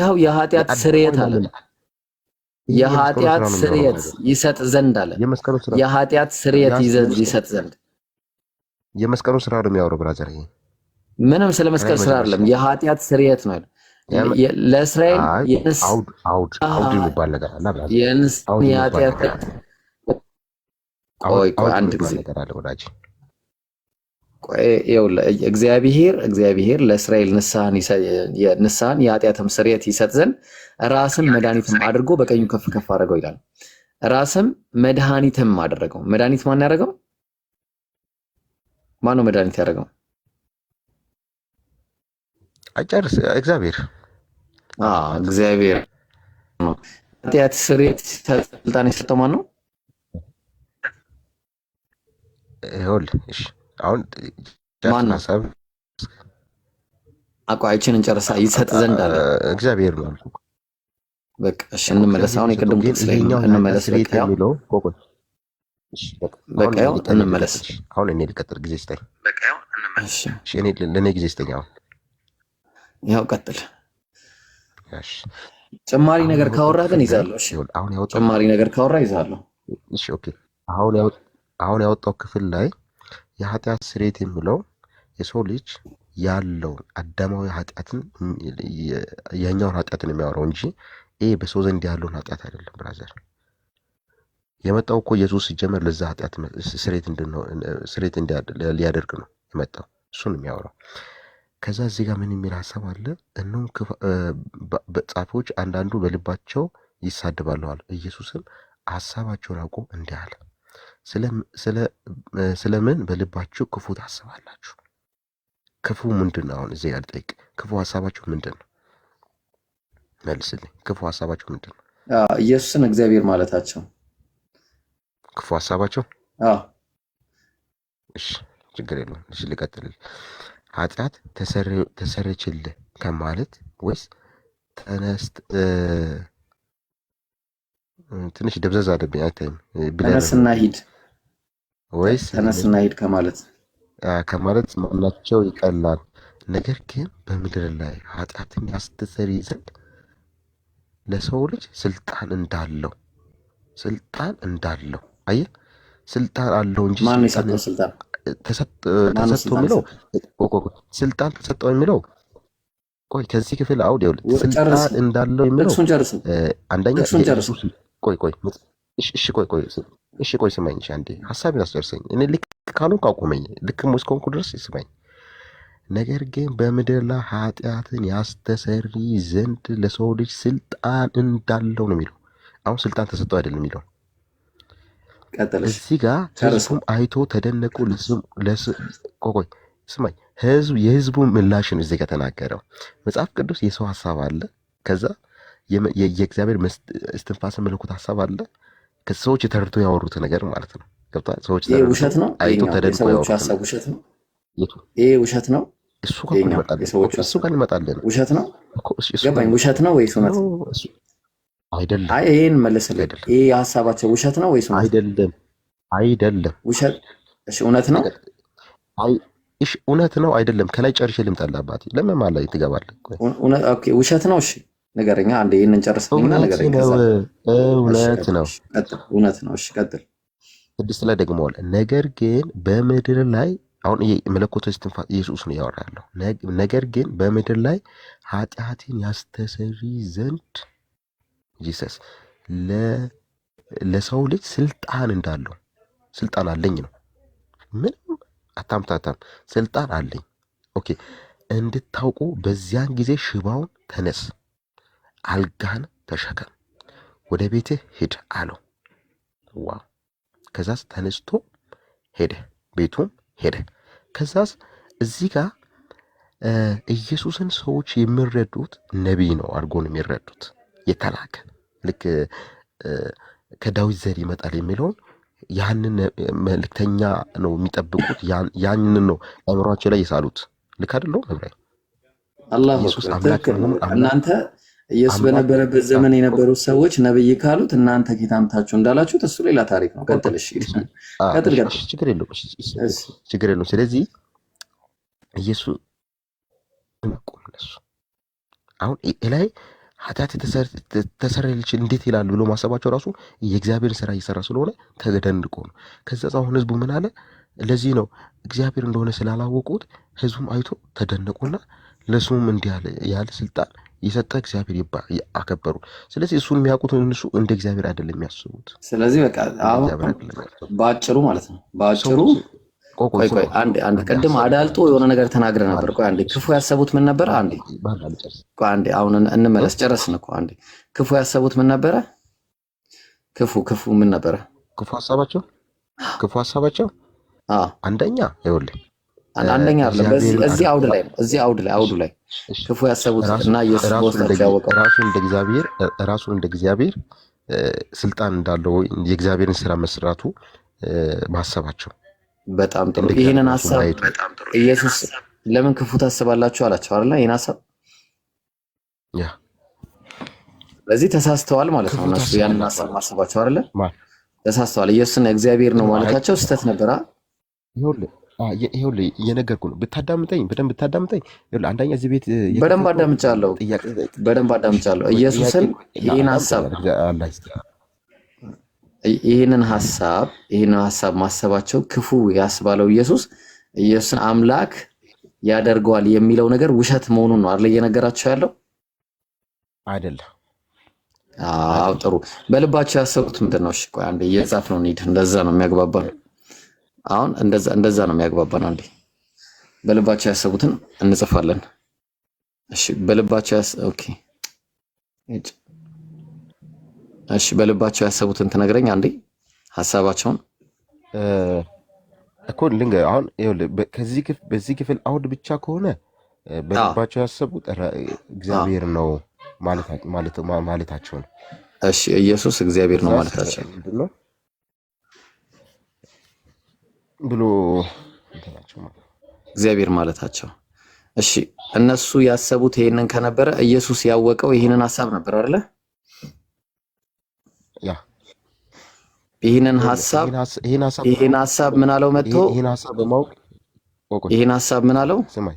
ይኸው የኃጢአት ስርየት አለ። የኃጢአት ስርየት ይሰጥ ዘንድ አለ። የኃጢአት ስርየት ይሰጥ ዘንድ የመስቀሉ ስራ ነው የሚያወራው ብራዘር። ይሄ ምንም ስለ መስቀል ስራ አይደለም፣ የኃጢአት ስርየት ነው። ለእስራኤል አውድ አውድ አውድ ይባል ነገር አለ ብራዘር። የኃጢአት ቆይ አንድ ጊዜ እግዚአብሔር እግዚአብሔር ለእስራኤል ንስሐን የኃጢአትም ስርየት ይሰጥ ዘንድ ራስም መድኃኒትም አድርጎ በቀኙ ከፍ ከፍ አድርገው ይላል። ራስም መድኃኒትም አደረገው። መድኃኒት ማን ያደረገው? ማነው መድኃኒት ያደረገው? አጨርስ እግዚአብሔር እግዚአብሔር ኃጢአት ስርየት ስልጣን የሰጠው ማን ነው? ይኸውልህ እሺ አሁን ማናሰብ አቋችን እንጨርሳ ይሰጥ ዘንድ አለ እግዚአብሔር ነው በቃ እሺ፣ እንመለስ። አሁን የቅድም እንመለስ። በቃ ያው በቃ ያው እንመለስ። አሁን እኔ ልቀጥል፣ ጊዜ ስጠኝ። በቃ ያው እንመለስ። እሺ፣ እኔ ለእኔ ጊዜ ስጠኝ። አሁን ያው ቀጥል። እሺ፣ ጭማሪ ነገር ካወራ ግን ይዛለሁ። እሺ፣ አሁን ያወጣው ጭማሪ ነገር ካወራ ይዛለሁ። እሺ፣ ኦኬ። አሁን ያወጣው ክፍል ላይ የኃጢአት ስርየት የሚለው የሰው ልጅ ያለውን አዳማዊ ኃጢአትን የኛውን ኃጢአትን የሚያወራው እንጂ ይሄ በሰው ዘንድ ያለውን ኃጢአት አይደለም ብራዘር የመጣው እኮ ኢየሱስ ሲጀመር ለዛ ኃጢአት ስሬት ሊያደርግ ነው የመጣው እሱን የሚያወራው ከዛ እዚህ ጋር ምን የሚል ሀሳብ አለ እነሆም ጻፊዎች አንዳንዱ በልባቸው ይሳድባለዋል ኢየሱስም ሀሳባቸውን አውቆ እንዲህ አለ ስለ ምን በልባችሁ ክፉ ታስባላችሁ? ክፉ ምንድን ነው? አሁን እዚህ ያልጠይቅ ክፉ ሀሳባችሁ ምንድን ነው? መልስልኝ። ክፉ ሀሳባችሁ ምንድን ነው? ኢየሱስን እግዚአብሔር ማለታቸው ክፉ ሀሳባቸው። እሺ፣ ችግር የለውም። እሺ፣ ልቀጥልል። ኃጢአት ተሰርችልህ ከማለት ወይስ ተነስት ትንሽ ደብዘዝ አለብኝ። አይታይም ብለህ ተነስና ሂድ ወይስ ተነስና ሂድ ከማለት ከማለት ማናቸው ይቀላል። ነገር ግን በምድር ላይ ኃጢአትን ያስተሰሪ ዘንድ ለሰው ልጅ ስልጣን እንዳለው ስልጣን እንዳለው አየህ፣ ስልጣን አለው እንጂ ተሰጥቶ የሚለው ስልጣን ተሰጠው የሚለው ቆይ ከዚህ ክፍል አውድ ይኸውልህ ስልጣን እንዳለው የሚለው አንደኛ ቆይ ቆይ እሺ ቆይ ቆይ እሺ ቆይ ስማኝ፣ እሺ አንዴ ሀሳቤን አስደርሰኝ። እኔ ልክ ካልሆንኩ አቁመኝ፣ ልክም እስከሆንኩ ድረስ ስማኝ። ነገር ግን በምድር ላይ ኃጢአትን ያስተሰሪ ዘንድ ለሰው ልጅ ስልጣን እንዳለው ነው የሚለው። አሁን ስልጣን ተሰጠው አይደለም የሚለው እዚህ ጋር ህዝቡም አይቶ ተደነቁ። ቆይ ስማኝ፣ ህዝቡ የህዝቡ ምላሽ ነው እዚህ ጋር ተናገረው። መጽሐፍ ቅዱስ የሰው ሀሳብ አለ፣ ከዛ የእግዚአብሔር እስትንፋሰ መለኮት ሀሳብ አለ ሰዎች የተረድቶ ያወሩት ነገር ማለት ነው። ገብቶሃል? ሰዎች ውሸት ነው አይቶ ተደድቆ ያወሩት ሀሳብ ውሸት ነው። ይሄ ውሸት ነው። እሱ ጋር እንመጣለን። ውሸት ነው ገባኝ። ውሸት ነው ወይስ እውነት አይደለም? ይሄን መለስልህ። ይሄ ሀሳባቸው ውሸት ነው ወይስ አይደለም? አይደለም። ውሸት እውነት ነው እውነት ነው አይደለም። ከላይ ጨርሼ ልምጣልህ አባቴ። ለምን ማለት ትገባለህ? ውሸት ነው እሺ ነገረኛ አንድ ይህንን ጨርስና ነገረኛ እውነት ነው እውነት ነው። እሺ ቀጥል። ስድስት ላይ ደግመዋል። ነገር ግን በምድር ላይ አሁን መለኮቶች ትንፋስ ኢየሱስ ነው እያወራ ያለው። ነገር ግን በምድር ላይ ኃጢአትን ያስተሰሪ ዘንድ ጂሰስ ለሰው ልጅ ስልጣን እንዳለው ስልጣን አለኝ ነው። ምንም አታምታታም። ስልጣን አለኝ ኦኬ። እንድታውቁ በዚያን ጊዜ ሽባውን ተነስ አልጋህን ተሸከም ወደ ቤትህ ሂድ አለው። ዋ ከዛስ ተነስቶ ሄደ፣ ቤቱም ሄደ። ከዛስ እዚህ ጋር ኢየሱስን ሰዎች የሚረዱት ነቢይ ነው አድርጎን የሚረዱት የተላከ ልክ ከዳዊት ዘር ይመጣል የሚለውን ያንን መልክተኛ ነው የሚጠብቁት። ያንን ነው አእምሯቸው ላይ የሳሉት። ልክ ምብራይ አላሱስ አምላክ እናንተ ኢየሱስ በነበረበት ዘመን የነበሩ ሰዎች ነብይ ካሉት እናንተ ጌታ አምታችሁ እንዳላችሁት እሱ ሌላ ታሪክ ነው። ቀጥልሽ፣ ችግር የለውም። ስለዚህ ኢየሱስ ቆም ለሱ አሁን ላይ ኃጢአት ተሰረየልች እንዴት ይላል ብሎ ማሰባቸው ራሱ የእግዚአብሔርን ስራ እየሰራ ስለሆነ ተደንቆ ነው። ከዛ አሁን ህዝቡ ምን አለ? ለዚህ ነው እግዚአብሔር እንደሆነ ስላላወቁት ህዝቡም አይቶ ተደነቁና ለስሙም እንዲህ ያለ ስልጣን የሰጠ እግዚአብሔር ይባ አከበሩ። ስለዚህ እሱን የሚያውቁት እነሱ እንደ እግዚአብሔር አይደለም የሚያስቡት። ስለዚህ በቃ በአጭሩ ማለት ነው በአጭሩ ቅድም አዳልጦ የሆነ ነገር ተናግረ ነበር። ቆይ አንዴ ክፉ ያሰቡት ምን ነበረ? አንዴ ቆይ አንዴ አሁን እንመለስ። ጨረስን እኮ አንዴ ክፉ ያሰቡት ምን ነበረ? ክፉ ክፉ ምን ነበረ? ክፉ ሀሳባቸው ክፉ ሀሳባቸው አንደኛ ይኸውልህ አንደኛ አለ እዚህ አውድ ላይ ነው። እዚህ አውድ ላይ አውዱ ላይ ክፉ ያሰቡት እና ኢየሱስ ያወቀው ራሱን እንደ እግዚአብሔር ራሱን እንደ እግዚአብሔር ስልጣን እንዳለው የእግዚአብሔርን ስራ መስራቱ ማሰባቸው በጣም ጥሩ። ይህንን ሀሳብ ኢየሱስ ለምን ክፉ ታስባላችሁ አላቸው አለ። ይህን ሀሳብ በዚህ ተሳስተዋል ማለት ነው። እነሱ ያንን ሀሳብ ማሰባቸው አለ ተሳስተዋል። ኢየሱስና እግዚአብሔር ነው ማለታቸው ስህተት ነበራ። ይኸውልህ እየነገርኩህ ነው። ብታዳምጠኝ በደንብ ብታዳምጠኝ፣ አንደኛ እዚህ ቤት በደንብ አዳምጫለሁ፣ በደንብ አዳምጫለሁ። ኢየሱስን ይህን ሀሳብ ይህንን ሀሳብ ይህንን ሀሳብ ማሰባቸው ክፉ ያስባለው ኢየሱስ ኢየሱስን አምላክ ያደርገዋል የሚለው ነገር ውሸት መሆኑን ነው አለ እየነገራቸው ያለው አይደለም? አዎ ጥሩ። በልባቸው ያሰቡት ምንድን ነው? እሺ ቆይ አንዴ እየጻፍ ነው እንሂድ። እንደዛ ነው የሚያግባባ ነው አሁን እንደዛ ነው የሚያግባባን። አንዴ በልባቸው ያሰቡትን እንጽፋለን። እሺ በልባቸው ያስ ኦኬ እሺ በልባቸው ያሰቡትን ትነግረኝ አንዴ ሀሳባቸውን እኮ ልንገር። አሁን በዚህ ክፍል አውድ ብቻ ከሆነ በልባቸው ያሰቡት እግዚአብሔር ነው ማለታቸውን፣ እሺ ኢየሱስ እግዚአብሔር ነው ማለታቸው ብሎ እግዚአብሔር ማለታቸው። እሺ እነሱ ያሰቡት ይሄንን ከነበረ ኢየሱስ ያወቀው ይሄንን ሀሳብ ነበር አይደለ? ያ ይሄንን ሀሳብ ይሄን ሀሳብ ምን አለው መጥቶ ይሄን ሀሳብ ምን አለው? ስማኝ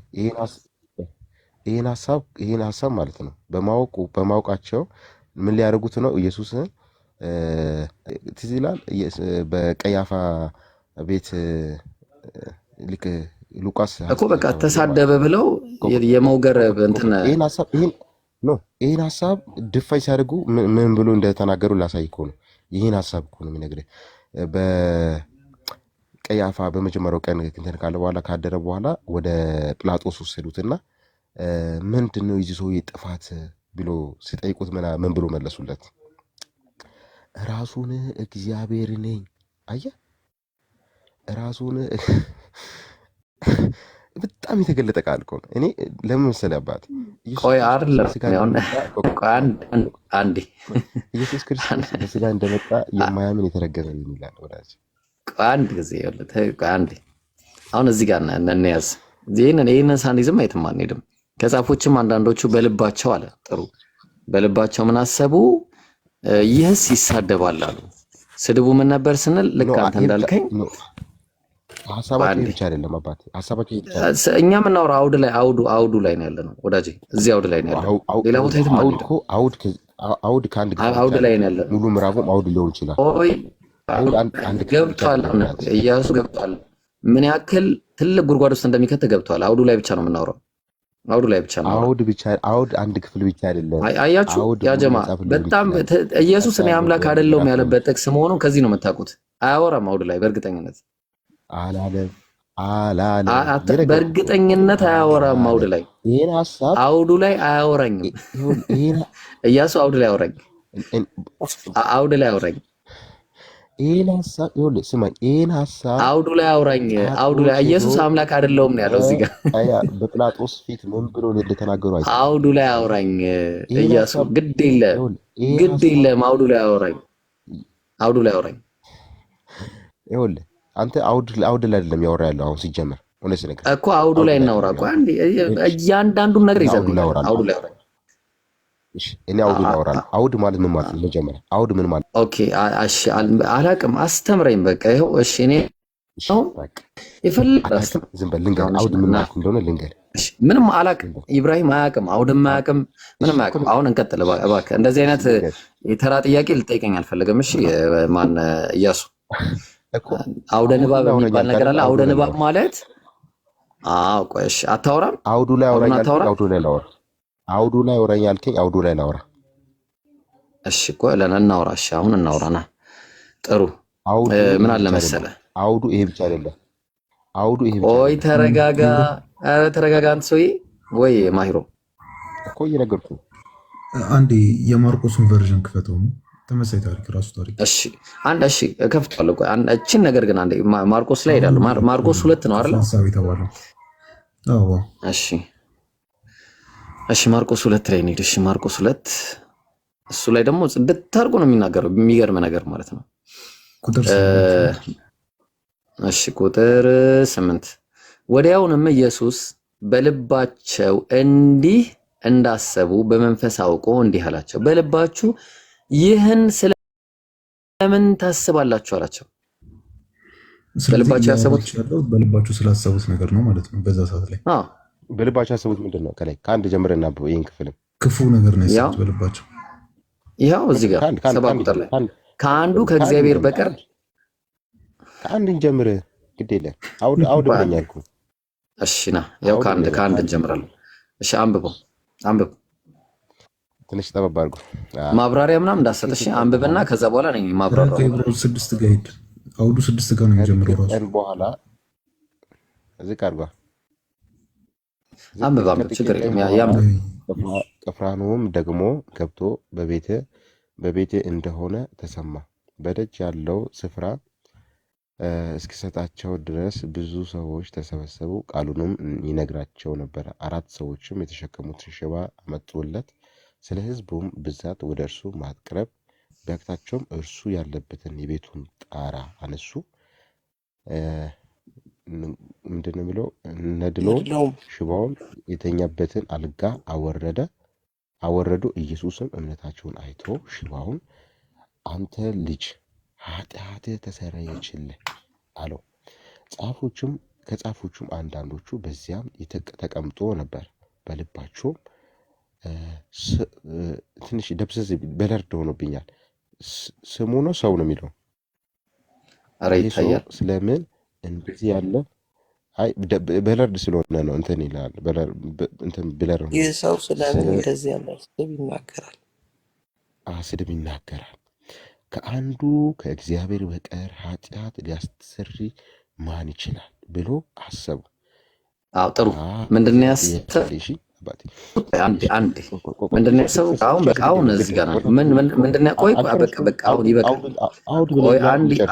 ይሄን ሀሳብ ይሄን ሀሳብ ማለት ነው በማወቁ በማወቃቸው ምን ሊያደርጉት ነው ኢየሱስን ትዝ ይላል በቀያፋ ቤት ልክ ሉቃስ እኮ በቃ ተሳደበ ብለው የመውገር እንትን ይህን ሀሳብ ድፋኝ ሲያደርጉ ምን ብሎ እንደተናገሩ ላሳይ እኮ ነው። ይህን ሀሳብ እኮ ነው የሚነግርህ። በቀያፋ በመጀመሪያው ቀን እንትን ካለ በኋላ ካደረ በኋላ ወደ ጲላጦስ ወሰዱትና ምንድን ነው የዚህ ሰውዬ ጥፋት ብሎ ሲጠይቁት ምን ብሎ መለሱለት? ራሱን እግዚአብሔር ነኝ አየህ ራሱን በጣም የተገለጠ ቃል እኮ ነው። እኔ ለምን መሰለህ አባት ኢየሱስ ክርስቶስ በስጋ እንደመጣ የማያምን የተረገመ የሚላል ወዳጅ አንድ ጊዜ አንዴ አሁን እዚህ ጋር እንያዝ። ይህንን ሳንይዝም የትም አንሄድም። ከጻፎችም አንዳንዶቹ በልባቸው አለ ጥሩ በልባቸው ምን አሰቡ? ይህስ ይሳደባል አሉ። ስድቡ ምን ነበር ስንል ልክ አንተ እንዳልከኝ ሀሳባቸው ብቻ አይደለም አባቴ፣ ሀሳባቸው እኛ የምናወራው አውድ ላይ አውዱ አውዱ ላይ ነው ያለ ነው ወዳጄ፣ እዚህ አውድ ላይ ነው ያለው። ሌላ ቦታ የትም አውድ ከአንድ አውድ ላይ ነው ያለ። ሙሉ ምዕራቡም አውድ ሊሆን ይችላል። ገብቷል፣ እያሱ ገብቷል። ምን ያክል ትልቅ ጉድጓድ ውስጥ እንደሚከት ገብቷል። አውዱ ላይ ብቻ ነው የምናወራው። አውዱ ላይ ብቻ ነው። አውድ ብቻ አውድ አንድ ክፍል ብቻ አይደለም። አያችሁ ያ ጀማ በጣም ኢየሱስ እኔ አምላክ አይደለሁም ያለበት ጥቅስ መሆኑን ከዚህ ነው የምታውቁት። አያወራም አውድ ላይ በእርግጠኝነት አላለም አላለም። በእርግጠኝነት አያወራም። አውድ ላይ ይህን ሀሳብ አውዱ ላይ አያወራኝም። እያሱ አውድ ላይ አውራኝ፣ አውድ ላይ አውራኝ። ይህን ሀሳብ ይኸውልህ፣ ስማኝ። ይህን ሀሳብ አውዱ ላይ አውራኝ፣ አውዱ ላይ ኢየሱስ አምላክ አይደለውም ነው ያለው። እዚህ ጋር በጲላጦስ ፊት ምን ብሎ እንደተናገሩ አይ፣ አውዱ ላይ አውራኝ እያሱ። ግድ የለም ግድ የለም፣ አውዱ ላይ አውራኝ፣ አውዱ ላይ አውራኝ። ይኸውልህ አንተ አውድ ላይ አይደለም ያወራ ያለው አሁን ሲጀመር እውነት ነገር እኮ አውዱ ላይ እናውራ እኮ እያንዳንዱን ነገር ይዘብኛል አውዱ ላይ እኔ አውዱ እናወራለሁ አውድ ማለት ምን ማለት ነው መጀመሪያ አውድ ምን ማለት ኦኬ እሺ አላቅም አስተምረኝ በቃ ይኸው እሺ እኔ ዝም በል ልንገርህ አውድ ምን ማለት እንደሆነ ልንገርህ ምንም አላቅም ኢብራሂም አያቅም አውድም አያቅም ምንም አያቅም አሁን እንቀጥል እባክህ እንደዚህ አይነት የተራ ጥያቄ ልጠይቀኝ አልፈለገም እሺ ማን እያሱ አውደ ንባብ የሚባል ነገር አለ። አውደ ንባብ ማለት አውዱ ላይ ላውራ አውዱ ላይ አውዱ ላይ ላውራ። እሺ ቆይ እናውራ። እሺ አሁን እናውራና ጥሩ ምን አለ መሰለ አውዱ ይሄ ብቻ አይደለም። አውዱ ይሄ ብቻ ተረጋጋ፣ ኧረ ተረጋጋ አንተ ሰውዬ። ወይ ማሂሮ እኮ እየነገርኩህ አንዴ የማርቆስን ቨርዥን ክፈተው ነው ተመሳይ ታሪክ ራሱ ታሪክ። እሺ አንድ እሺ እከፍታለሁ። እቺን ነገር ግን አንዴ ማርቆስ ላይ ሄዳለሁ። ማርቆስ ሁለት ነው አይደል? ሐሳብ የተባለው አዎ። እሺ እሺ፣ ማርቆስ ሁለት ላይ እንሂድ። እሺ ማርቆስ ሁለት እሱ ላይ ደግሞ ጽድት ታርጎ ነው የሚናገረው። የሚገርም ነገር ማለት ነው። እሺ ቁጥር ስምንት ወዲያውንም ኢየሱስ በልባቸው እንዲህ እንዳሰቡ በመንፈስ አውቆ እንዲህ አላቸው በልባችሁ ይህን ስለምን ታስባላችሁ አላቸው። በልባቸው ያሰቡት በልባቸው ስላሰቡት ነገር ነው ማለት ነው። በዛ ሰዓት ላይ በልባቸው ያሰቡት ምንድን ነው? ከላይ ከአንድ ጀምረን እናብበው። ይህን ክፍልም ክፉ ነገር ነው ያሰቡት በልባቸው። ይኸው እዚህ ጋር ሰባት ቁጥር ላይ ከአንዱ ከእግዚአብሔር በቀር ከአንድን ጀምር ግድ የለም አውድ ብለኛል። እሺ ና ያው ከአንድ ከአንድ እንጀምራለን። እሺ አንብበው አንብበው ትንሽ ጠበብ አድርጎ ማብራሪያ ምናምን እንዳሰጠሽ አንብብና ከዛ በኋላ ነው ማብራሪያ። ስድስት ጋር ሂድ አውዱ ስድስት ጋር ነው የሚጀምረው። ራሱ በኋላ እዚህ ጋር አንብብ አንብብ፣ ችግር የለም። ቅፍራኑም ደግሞ ገብቶ በቤት በቤቴ እንደሆነ ተሰማ። በደጅ ያለው ስፍራ እስኪሰጣቸው ድረስ ብዙ ሰዎች ተሰበሰቡ። ቃሉንም ይነግራቸው ነበር። አራት ሰዎችም የተሸከሙትን ሽባ አመጡለት። ስለ ሕዝቡም ብዛት ወደ እርሱ ማቅረብ ቢያቅታቸውም እርሱ ያለበትን የቤቱን ጣራ አነሱ። ምንድን ነው የሚለው? ነድለውም የተኛበትን አልጋ አወረደ አወረዱ። ኢየሱስም እምነታቸውን አይቶ ሽባውን አንተ ልጅ ኃጢአትህ ተሰረየችልህ አለው። ከጻፎቹም አንዳንዶቹ በዚያም ተቀምጦ ነበር። በልባቸውም ትንሽ ደብዘዝ በደርድ ሆኖብኛል። ስሙ ነው ሰው ነው የሚለው ኧረ ይታያል። ስለምን እንደዚህ ያለ አይ በለርድ ስለሆነ ነው እንትን ይላል። ብለር ይህ ሰው ስለምን እንደዚህ ያለ ስድብ ይናገራል? ስድብ ይናገራል። ከአንዱ ከእግዚአብሔር በቀር ኃጢአት ሊያስተሰሪ ማን ይችላል ብሎ አሰቡ። ጥሩ ምንድን ነው ያሰ አባቴ ሰው አሁን በቃ አሁን እዚህ ጋር ቆይ በቃ በቃ አሁን ይበቃል። ቆይ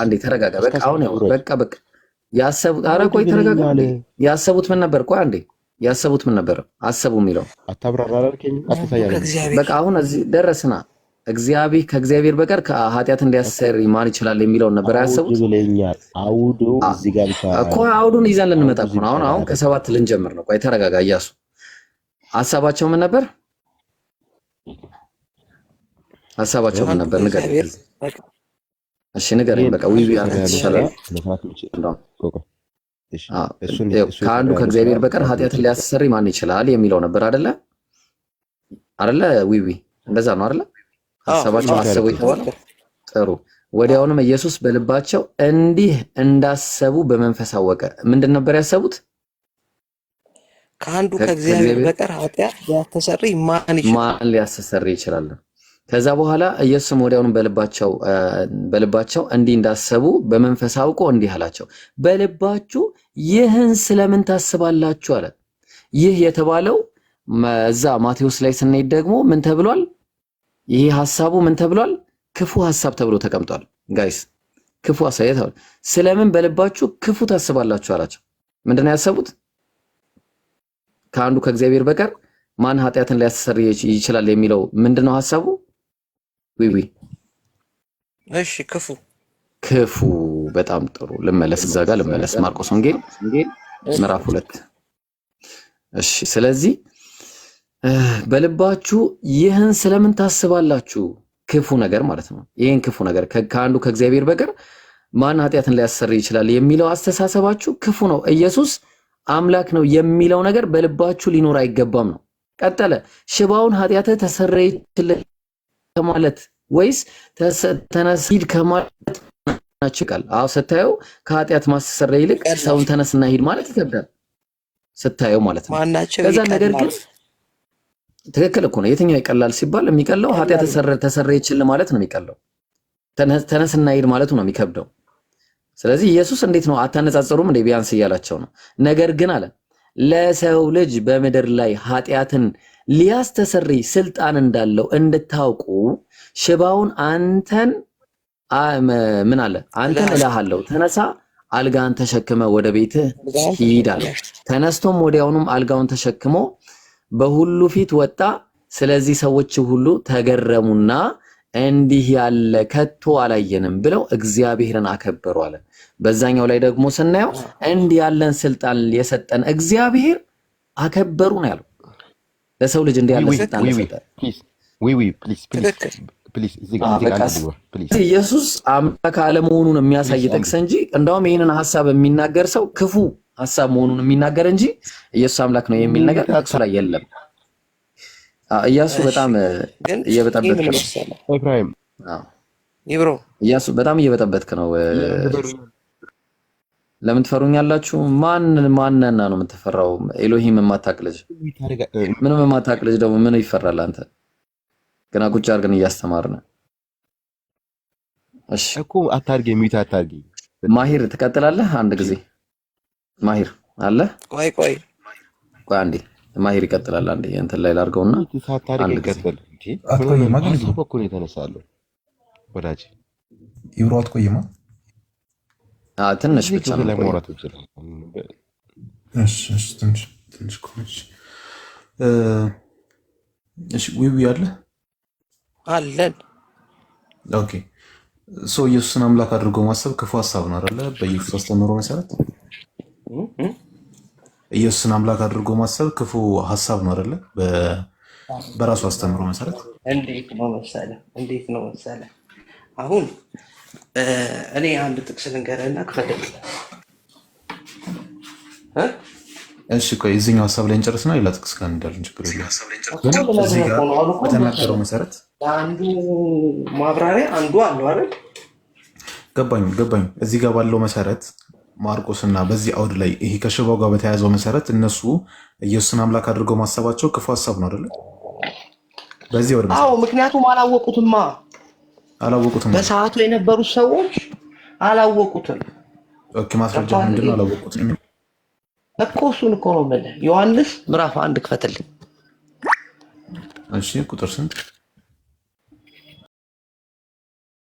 አንዴ ተረጋጋ። በቃ አሁን ያው በቃ በቃ ያሰቡት ኧረ ቆይ ተረጋጋ። ያሰቡት ምን ነበር? ቆይ አንዴ ያሰቡት ምን ነበር? አሰቡ የሚለው በቃ አሁን እዚህ ደረስና እግዚአብሔር ከእግዚአብሔር በቀር ከኃጢአት እንዲያሰሪ ማን ይችላል የሚለውን ነበር ያሰቡት እኮ አውዱን ይዘን ልንመጣ እኮ ነው። አሁን አሁን ከሰባት ልንጀምር ነው። ቆይ ተረጋጋ እያሱ ሀሳባቸው ምን ነበር? ሀሳባቸው ምን ነበር? ንገር። እሺ ንገር። በቃ ዊቢ ከአንዱ ከእግዚአብሔር በቀር ኃጢአትን ሊያሰሪ ማን ይችላል የሚለው ነበር አደለ? አደለ? ዊቢ እንደዛ ነው አደለ? ሀሳባቸው አሰቡ የተባለ ጥሩ። ወዲያውንም ኢየሱስ በልባቸው እንዲህ እንዳሰቡ በመንፈስ አወቀ። ምንድን ነበር ያሰቡት? ከአንዱ ከእግዚአብሔር በቀር ኃጢአት ሊያስተሰርይ ማን ሊያስተሰሪ ሊያስተሰርይ ይችላል? ከዛ በኋላ ኢየሱስም ወዲያውኑ በልባቸው በልባቸው እንዲህ እንዳሰቡ በመንፈስ አውቆ እንዲህ አላቸው፣ በልባችሁ ይህን ስለምን ታስባላችሁ አለ። ይህ የተባለው እዛ ማቴዎስ ላይ ስንሄድ ደግሞ ምን ተብሏል? ይሄ ሐሳቡ ምን ተብሏል? ክፉ ሐሳብ ተብሎ ተቀምጧል። ጋይስ ክፉ ሐሳብ ስለምን በልባችሁ ክፉ ታስባላችሁ አላቸው። ምንድን ነው ያሰቡት? ከአንዱ ከእግዚአብሔር በቀር ማን ኃጢአትን ሊያስተሰር ይችላል የሚለው ምንድን ነው ሀሳቡ? ዊዊ እሺ፣ ክፉ ክፉ። በጣም ጥሩ። ልመለስ እዛ ጋር ልመለስ። ማርቆስ ወንጌል ምዕራፍ ሁለት እሺ። ስለዚህ በልባችሁ ይህን ስለምን ታስባላችሁ? ክፉ ነገር ማለት ነው። ይህን ክፉ ነገር ከአንዱ ከእግዚአብሔር በቀር ማን ኃጢአትን ሊያስተሰር ይችላል የሚለው አስተሳሰባችሁ ክፉ ነው። ኢየሱስ አምላክ ነው የሚለው ነገር በልባችሁ ሊኖር አይገባም ነው። ቀጠለ። ሽባውን ኃጢአትህ ተሰረየችልህ ከማለት ወይስ ተነስሂድ ከማለት ናችቃል ቃል። ስታየው ከኃጢአት ማስተሰረይ ይልቅ ሰውን ተነስና ሂድ ማለት ይከብዳል ስታየው ማለት ነው። ከዛ ነገር ግን ትክክል እኮ ነው። የትኛው ይቀላል ሲባል የሚቀለው ኃጢአት ተሰረየችልህ ማለት ነው የሚቀለው። ተነስና ሂድ ማለቱ ነው የሚከብደው። ስለዚህ ኢየሱስ እንዴት ነው አታነጻጽሩም እንዴ ቢያንስ እያላቸው ነው። ነገር ግን አለ ለሰው ልጅ በምድር ላይ ኃጢአትን ሊያስተሰሪ ስልጣን እንዳለው እንድታውቁ ሽባውን አንተን ምን አለ አንተን እልሃለሁ ተነሳ አልጋን ተሸክመ ወደ ቤትህ ሂድ አለ። ተነስቶም ወዲያውኑም አልጋውን ተሸክሞ በሁሉ ፊት ወጣ። ስለዚህ ሰዎች ሁሉ ተገረሙና እንዲህ ያለ ከቶ አላየንም ብለው እግዚአብሔርን አከበሩ አለ። በዛኛው ላይ ደግሞ ስናየው እንዲህ ያለን ስልጣን የሰጠን እግዚአብሔር አከበሩ ነው ያለው። ለሰው ልጅ እንዲህ ያለ ስልጣን ኢየሱስ አምላክ አለመሆኑን የሚያሳይ ጥቅስ እንጂ እንደውም ይህንን ሀሳብ የሚናገር ሰው ክፉ ሀሳብ መሆኑን የሚናገር እንጂ ኢየሱስ አምላክ ነው የሚል ነገር ጥቅሱ ላይ የለም። እያሱ በጣም እየበጠበትክ ነው ኢብራሂም። ይብሮ እያሱ በጣም እየበጠበትክ ነው። ለምን ትፈሩኛላችሁ? ማን ማንና ነው የምትፈራው? ኤሎሂም የማታቅ ልጅ፣ ምንም የማታቅ ልጅ ደግሞ ምን ይፈራል? አንተ ገና ቁጭ አድርገን እያስተማርን እሺ። እኮ አታርጊ፣ ሚዩት አታርጊ። ማሂር ትቀጥላለህ። አንድ ጊዜ ማሂር አለ። ቆይ ቆይ ቆይ አንዴ ማሄር ይቀጥላል። አንዴ እንትን ላይ ላድርገውና አንድ ወዳጅ ይብሮ አትቆይማ ትንሽ ብቻ አለን ኦኬ ሰው ኢየሱስን አምላክ አድርጎ ማሰብ ክፉ ሀሳብ ነው አለ በኢየሱስ አስተምሮ መሰረት ኢየሱስን አምላክ አድርጎ ማሰብ ክፉ ሀሳብ ነው አይደለ? በራሱ አስተምሮ መሰረት እንዴት ነው መሰለ እንዴት ነው መሰለ አሁን እኔ አንድ ጥቅስ ልንገረና ክፈል። እሺ ቆይ እዚህኛው ሀሳብ ላይ እንጨርስ ነው ሌላ ጥቅስ ጋር እንዳለን ችግር በተናገረው መሰረት ለአንዱ ማብራሪያ አንዱ አለው አይደል? ገባኝ ገባኝ። እዚህ ጋር ባለው መሰረት ማርቆስና በዚህ አውድ ላይ ይሄ ከሽባው ጋር በተያያዘው መሰረት እነሱ ኢየሱስን አምላክ አድርገው ማሰባቸው ክፉ ሀሳብ ነው አይደለ? በዚህ አውድ አዎ፣ ምክንያቱም አላወቁትማ፣ አላወቁትም። በሰዓቱ የነበሩት ሰዎች አላወቁትም። ኦኬ፣ ማስረጃ ምንድን ነው? አላወቁትም እኮ እሱን እኮ ነው የምልህ። ዮሐንስ ምዕራፍ አንድ ክፈትልኝ። እሺ፣ ቁጥር ስንት